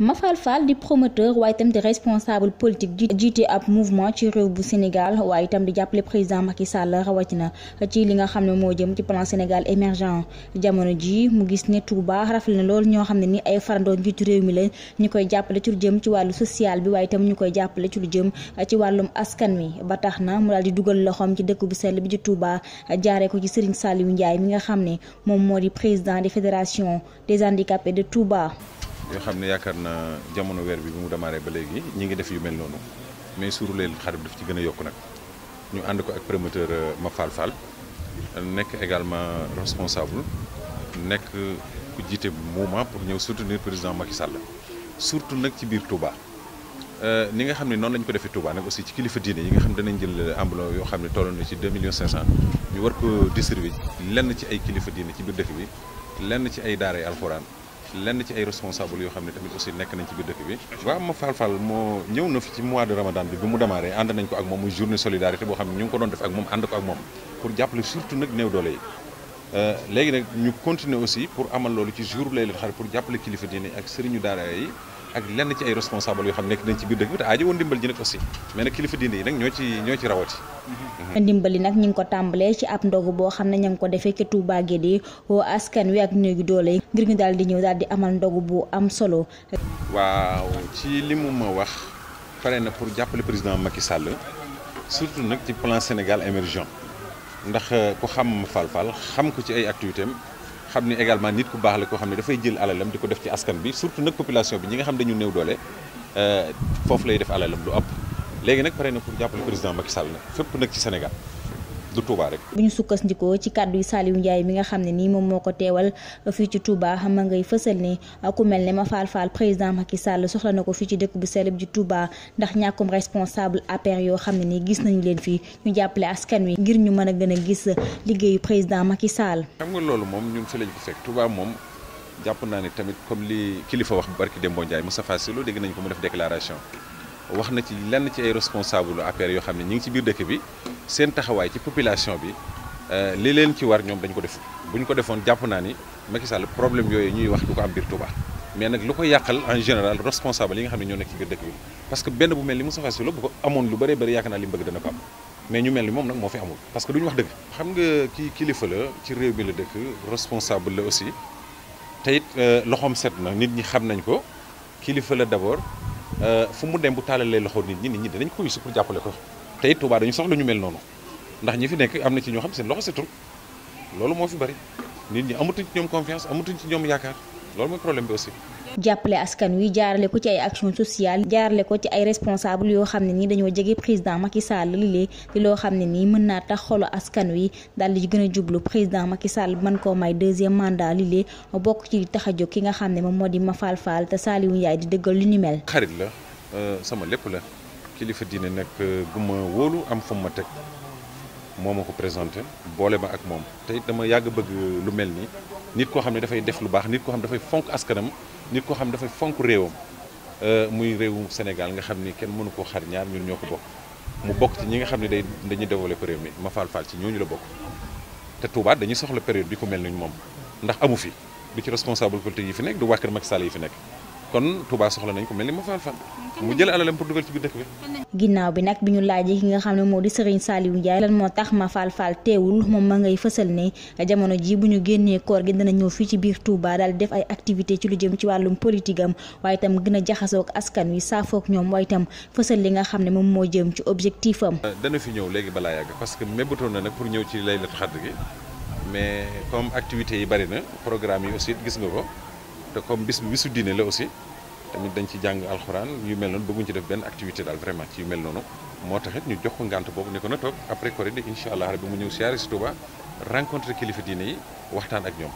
Mafal Fall di promoteur waaye itam di responsable politique di jiite ab mouvement ci réew bu Sénégal waaye itam di jàppale président Macky Sall rawatina ci li nga xam ne moo jëm ci plan Sénégal émergent jamono ji mu gis ne Touba rafet na lool ñoo xam ne ni ay farandoo njiitu réew mi la ñu koy jàppale ci lu jëm ci wàllu social bi waaye itam ñu koy jàppale ci lu jëm ci wàllum askan wi ba tax na mu daal di dugal loxoom ci dëkk bu sell bi ci Touba jaaree ko ci Serigne Saliou Ndiaye mi nga xam ne moom moo di président des fédération des handicapés de Touba. yoo xam ne yaakaar na jamono weer bi bi mu démarré ba léegi ñi ngi def yu mel noonu mais suuruleel xarit bi daf ci gën a yokk nag ñu ànd ko ak promoteur euh, Mafal Fall nekk également responsable nekk ku jiite mouvement pour ñëw soutenir président Macky Sall surtout nag ci biir Touba euh, ni nga xam ne noonu lañu ko defee Touba nag aussi ci kilifa diine yi nga xam danañ jël ambulance yoo xam ne tolloon na ci 2 millions 500 ñu war ko distribuer lenn ci ay kilifa diine ci biir dëkk bi lenn ci ay daara alxuraan lenn ci ay responsable yoo xam ne tamit aussi nekk nañ ci biir dëkk bi waaw ma falfal moo ñëw na fi ci mois de ramadan bi bi mu démarré ànd nañ ko ak moom muy journée solidarité boo xam ne ñu ngi ko doon def ak moom ànd ko ak moom pour jàppale surtout nag néew doole yi euh, léegi nag ñu continuer aussi pour amal loolu ci jour lay leen xarit pour jàppale kilifa diine ak sëriñu daara yi ak lenn ci ay responsable yoo xam nekk nañ ci biir dëkk bi te aajo woon ndimbal ji nag aussi mais nag kilifa diine yi nag ñoo ci ñoo ci rawati mm-hmm. ndimbal nag ñi ngi ko tàmbalee ci ab ndogu boo xam ne ña ko defee ci Touba Guédé woo askan wi ak néegi doole yi ngir ñu daal di ñëw daal di amal ndogu bu am solo waaw ci li mu ma wax pare na pour jàppale président Macky Sall surtout nag ci plan Sénégal émergent ndax ku xam Fall Fall xam ko ci ay activités xam ni également nit ku baax la koo xam ne dafay jël alalam di ko def ci askan bi surtout nag population bi ñi nga xam dañu néew doole euh, foofu lay def alalam lu ëpp léegi nag pare na pour jàppale président Macky Sall fépp nag ci Sénégal du Touba rek. bu ñu sukkandikoo ci kàddu yi yu njaay mi nga xam ne nii moom moo ko teewal fii ci Touba ma ngay fësal ni ku mel ne ma faal faal président Macky Sall soxla na ko fii ci dëkk bu sell bi tubaa Touba ndax ñàkkum responsable APR yoo xam ne nii gis nañu leen fii ñu jàppale askan wi ngir ñu mën a gën a gis liggéeyu président Macky saal xam nga loolu moom ñu fi lañ ko fekk Touba moom jàpp naa ne tamit comme li kilifa wax barki Demba Ndiaye Moustapha Cissé dégg nañ ko mu def wax na ci lenn ci ay responsable APR yoo xam ne ñi ngi ci biir dëkk bi seen taxawaay ci population bi euh, li leen ci war ñoom dañ ko def bu ñu ko defoon jàpp naa ni Macky problème yooyu ñuy wax du ko am biir Touba mais nag lu ko yàqal en général responsable yi nga xam ne ñoo nekk ci biir dëkk bi parce que benn bu mel ni Moustapha Sylla bu ko amoon lu bëree bëri yaakaar naa li mu bëgg dana ko am mais ñu mel ni moom nag moo fi amul parce que du ñu wax dëgg xam nga kii kilifa la ci réew mi la dëkk responsable la aussi te it euh, loxoom set na nit ñi xam nañ ko kilifa la d'abord Euh, fu mu dem bu taalalee loxo nit ñi nit ñi danañ ko wisu pour jàppale ko tey Touba dañu soxla ñu mel noonu ndax ñi fi nekk am na ci ñoo xam seen loxo setul loolu moo fi bari nit ñi amatuñ ci ñoom confiance amatuñ ci ñoom yaakaar loolu mooy problème bi aussi. jàppale askan wi jaarale ko ci ay action sociale jaarale ko ci ay responsable yoo xam ne nii dañoo jege président Macky Sall lile di loo xam ne nii mën naa tax xolo askan wi daal di gën a jublu président Macky Sall man koo may deuxième mandat lile bokk ci tax a ki nga xam ne moom moo di Mafal Fall te Saliou yaay di dëggal lu ni mel. xarit la euh, sama lépp la kilifa diine nag gu euh, ma wóolu am fu ma teg moom ma ko boole ma ak moom te lu mel nii. nit koo xam ne dafay def lu baax nit koo xam ne dafay fonk askanam nit koo xam ne dafay fonk réewam euh, muy réewum Sénégal nga xam ni kenn mënu koo xar ñaar ñun ñoo ko bokk mu bokk ci ñi nga xam ne day dañuy développé réew mi ma faal faal ci ñooñu la bokk te Touba dañuy soxla période bi ko mel ni moom ndax amu fi du ci responsable politique yi fi nekk du waa kër Macky Sall yi fi nekk kon Touba soxla nañ ko mel ni ma faal fan mu jël alalam pour dugal ci biir dëkk bi. ginnaaw bi nag bi ñu laajee ki nga xam ne moo di Serigne Saliou Ndiaye lan moo tax ma faal faal teewul moom ma ngay fësal ne jamono ji bu ñu génnee koor gi dana ñëw fii ci biir Touba daal def ay activité ci lu jëm ci wàllum politique am waaye tam gën a jaxasoo ak askan wi saafook ñoom waaye itam fësal li nga xam ne moom moo jëm ci objectif am. Euh, dana fi ñëw léegi balaa yàgg parce que mébatoon na nag pour ñëw ci laylatu xadr gi mais activités yi bari na programme yi aussi gis nga ko que comme bis bi bisu diine la aussi tamit dañ ci jàng alxuraan yu mel noonu bëgguñ ci def benn activité daal vraiment ci yu mel noonu moo taxit ñu jox ko ngànt boobu ne ko na toog après korite incha allah rabbi mu ñëw siyaare si Tuuba rencontre kilifa diine yi waxtaan ak ñoom